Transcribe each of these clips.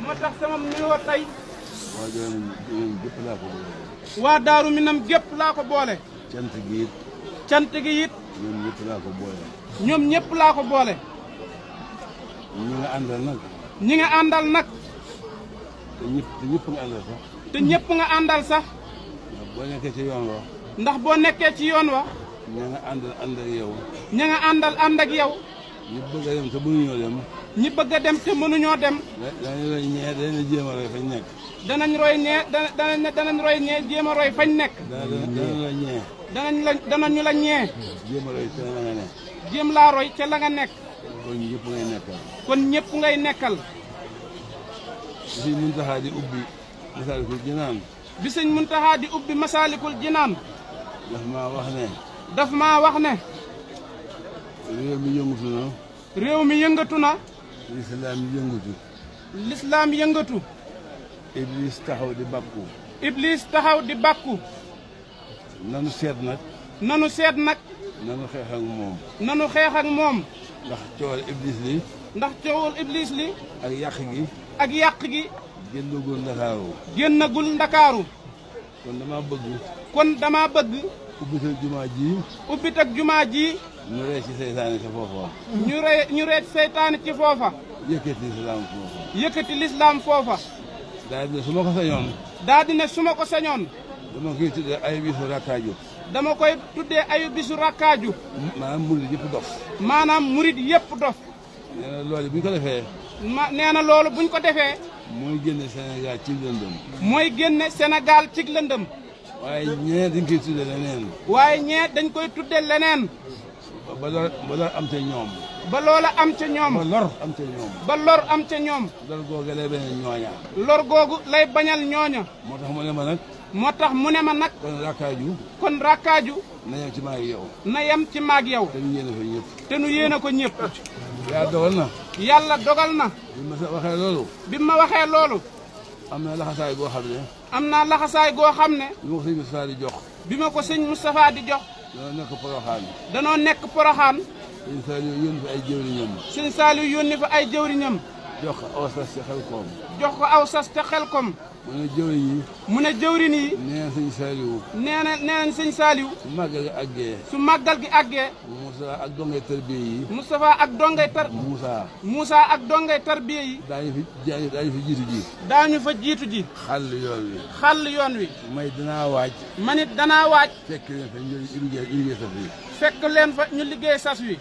moo tax sama nuyoo tey waa Daaru Minam gépp laa ko boole waa Daaru Minam gépp laa ko boole cant gi it cant gi it ñoom ñëpp laa ko boole ñoom ñëpp laa ko boole ñi nga àndal nag ñi nga àndal nag te ñëpp te nga àndal sax te ñëpp nga àndal sax ndax boo nekkee ci yoon wa ndax boo nekkee ci yoon wa ña nga àndal ànd ak yow ña nga àndal ànd yow ñi bëgg a dem te mënuñoo dem. a dem te mënuñoo a nekk. danañ roy ñee danañ a roy nekk. danañ la ñee. danañ a nga nekk. kon ñëpp ngay nekkal. kon ñëpp ngay nekkal. bi di ubbi Masaalikul Jinaan. bi sëñ di ubbi Masaalikul Jinaan. daf maa wax ne. daf maa wax ne. réew mi yëngatu na. réew mi yëngatu na. lislaam yëngatu. lislaam yëngatu. Iblis taxaw di bàkku. Iblis taxaw di bakku nanu seet nag. nanu seet nag. nanu xeex moom. nanu xeex moom. ndax coowal Iblis li. ndax coowal Iblis li. ak yàq gi. ak yàq gi. génnagul Ndakaaru. génnagul Ndakaaru. kon dama bëgg. kon dama bëgg. ubbit ak jumaa ji ubbit jumaa ji ñu rey ci seytaane ci foofa ñu rey ñu rey seytaane ci foofa yëkkati lislaam foofa yëkkati lislaam foofa daa dina su ma ko sañoon daa dina su ma ko sañoon dama koy tuddee ayu bisu rakkaaju dama koy tuddee ayu bisu rakkaaju maanaam murid yëpp dof maanaam murid yëpp dof nee na loolu ko defee nee na loolu buñ ko defee mooy génne Sénégal ci lëndëm mooy génne senegal ci lëndëm waaye ñee dañ koy tudde leneen. waaye ñee dañ koy tudde leneen. ba lor am ca ñoom. ba loola am ca ñoom. ba lor am ca ñoom. ba lor am ca ñoom. lor googu lay bañal ñooña. lor googu lay bañal ñooña. moo tax mu ne ma nag. moo tax mu ne ma nag. kon rakkaaju. kon rakkaaju. na yem ci maag yow. na yam ci maag yow. te nu yéene ko ñëpp. te nu yéene ko ñëpp. yàlla dogal na. yàlla dogal na. bi ma waxee loolu. bi ma waxee loolu. am na laxasaay boo xam ne. am naa laxasaay goo xam ne. bi ma ko sëñ Moustapha di jox. bi ma ko sëñ Moustapha di jox. danoo nekk poroxaan. danoo nekk poroxaan. sëñ Saliou yónni fa ay jëwriñam. sëñ Saliou yónni fa ay jëwriñam. jox ko aw sas te xel koom. jox aw sas te koom. mu ne jëwriñ mu ne jëwriñ yi nee na sëñ Saaliw nee na nee nañ su màggal gi àggee su màggal gi àggee Moussa ak dongay tarbiya yi Moustapha ak dongay tar Moussa Moussa ak dongay tarbiya yi daañu fi daañu fi jiitu ji daañu fa jiitu ji xàll yoon wi xàll yoon wi may danaa waaj man it waaj fekk leen fa ñu liggéey sas wi fekk leen fa ñu liggéey sas wi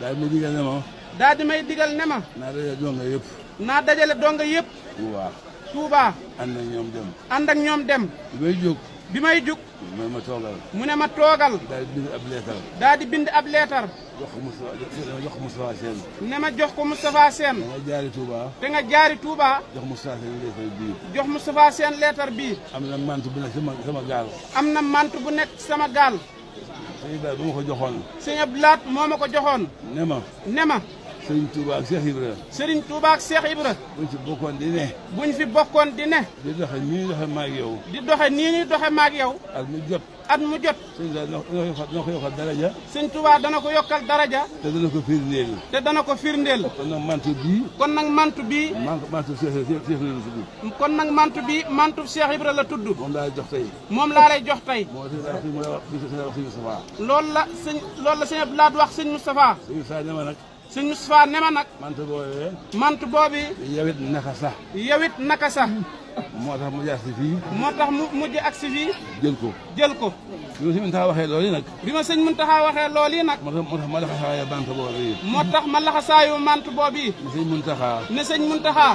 daal may digal ne ma daal di may digal ne ma naa dajale donga yëpp naa dajale donga yëpp bu Touba. ànd ak ñoom dem. ànd ak ñoom jóg. bi may jóg. mu ne ma toogal. mu ne ma toogal. ab leetar. daal di bind ab leetar. jox ko Moustapha Sène. ne ma jox ko Moustapha Sène. da nga jaari Touba. da jox Moustapha Sène leetar bii. jox Moustapha Sène leetar bii. am na mant bu nekk sama gaal. am na mant bu nekk sama gaal. sëñ bu ma ko joxoon. sëñ Abdou Lahat moo ma ko joxoon. ne ma. ne ma. Serigne Touba ak Cheikh Ibra. Serigne Touba ak Cheikh Ibra. buñ fi bokkoon di ne. buñ fi bokkoon di ne. di doxe nii ñuy doxe maak yow. di doxe nii ñuy doxe maag yow. at mu jot. at mu jot. sëñ Touba dana ko yokkal daraja. sëñ Touba dana ko yokkal daraja. te dana ko firndeel. te dana ko firndeel. kon nag mantu bii. kon nag mantu bii. mantu Cheikh Ibra la tudd. kon nag mantu bii mantu Cheikh Ibra la tudd. moom laa jox tey. moom laa lay jox tey. loolu la sëñ loolu la sëñ Abdou Lahad wax sëñ Moustapha. sëñ Moustapha ne ma nag. sëñ Moustapha ne ma nag. mant boobee. mant boobu. yow it naka sax. yow naka sax. moo tax mujj agsi fii. moo tax mu mujj agsi fii. jël ko jël ko. bi ma sëñ Muntaxa waxee loolu yi nag. bi ma sëñ Muntaxa waxee lool yi nag. moo tax ma laxasaayu mant boobu yi. moo tax ma laxasaayu mant boobu yi. ne sëñ Muntaxa. ne sëñ Muntaxa.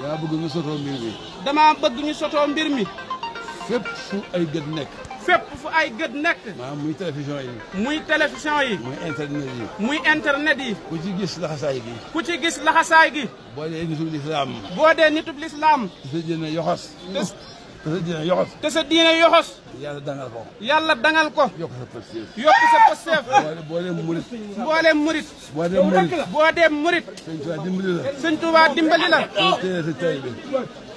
damaa bëgg ñu sotoo mbir mi. damaa bëgg sotoo mbir mi. fépp fu ay gët nekk. fépp fu ay gët nekk. maanaam muy télévision yi. muy télévision yi. muy internet yi. muy internet yi. ku ci gis laxasaay gi. ku ci gis laxasaay gi. boo dee nitub lislaam. boo dee nitub lislaam. te sa diine yoxos. te sa diine yoxos. te sa diine yoxos. yàlla ko. yàlla dangal boo dee murit. boo dee murit. boo dee dee murit. sëñ Tuubaa dimbali sëñ Tuubaa dimbali la.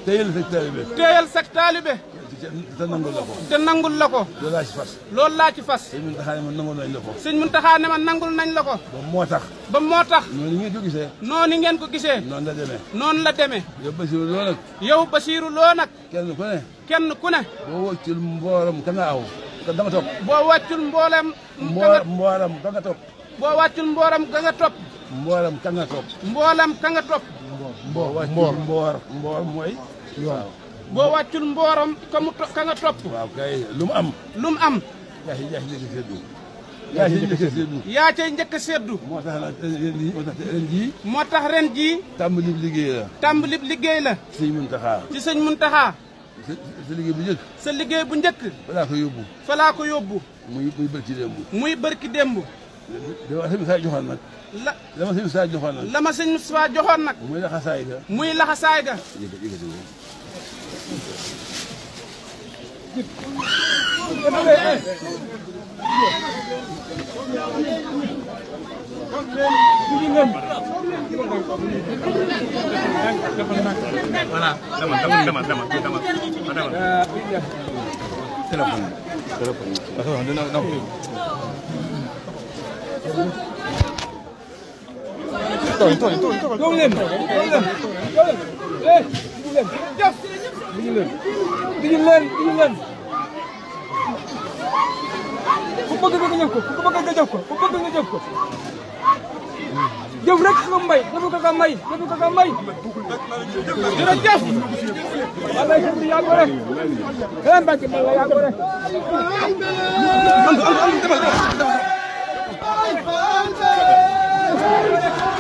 téyel taalibe. téyel sa taalibe. te nangul la ko. te nangul la ko. loolu laa fas. loolu laa ci fas. sëñ Muntaxa ne ma nangul nañ la ko. sëñ Muntaxa ne ma nangul nañ la ko. ba moo tax. ba moo tax. noonu ngeen ko gisee. noonu ngeen ko gisee. noonu la demee. noonu la demee. yow Basiiru loo nag. yow Basiiru loo nag. kenn ku kenn ku ne. boo wàccul mbooram ka aw. ka nga boo wàccul mbooleem. mbo mbooram ka nga topp. boo wàccul mbooram ka nga topp. mbooram ka nga topp. mboolam ka nga topp. mboor mboor mboor mooy. boo wàccul mbooram ka mu topp. waaw kay lu mu am. lu mu am. yaa ngi yaa ngi njëkk a seddu. yaa ngi njëkk a seddu. yaa cay njëkk moo tax nag ren jii. moo tax ren jii. tàmbalib liggéey la. tàmbalib liggéey la. ci sëñ Muntaxa. ci sëñ Muntaxa. sa sa liggéey bu njëkk. liggéey bu njëkk. falaa ko yóbbu. falaa ko yóbbu. muy muy bërki démb. muy bërki démb. dama sëñ Moussa joxoon nag. la la ma sëñ Moussa joxoon nag. la ma sëñ joxoon nag. muy laxasaay ga. muy laxasaay ga. voilà demal demal demal demal demal. téléphone téléphone. d'accord dina dina ko. tooy tooy tooy. duñu leen duñu leen leen ku bëgg nga jëf ko ku bëgg rek nga mbay defu ko a may ko ka yaa ko rek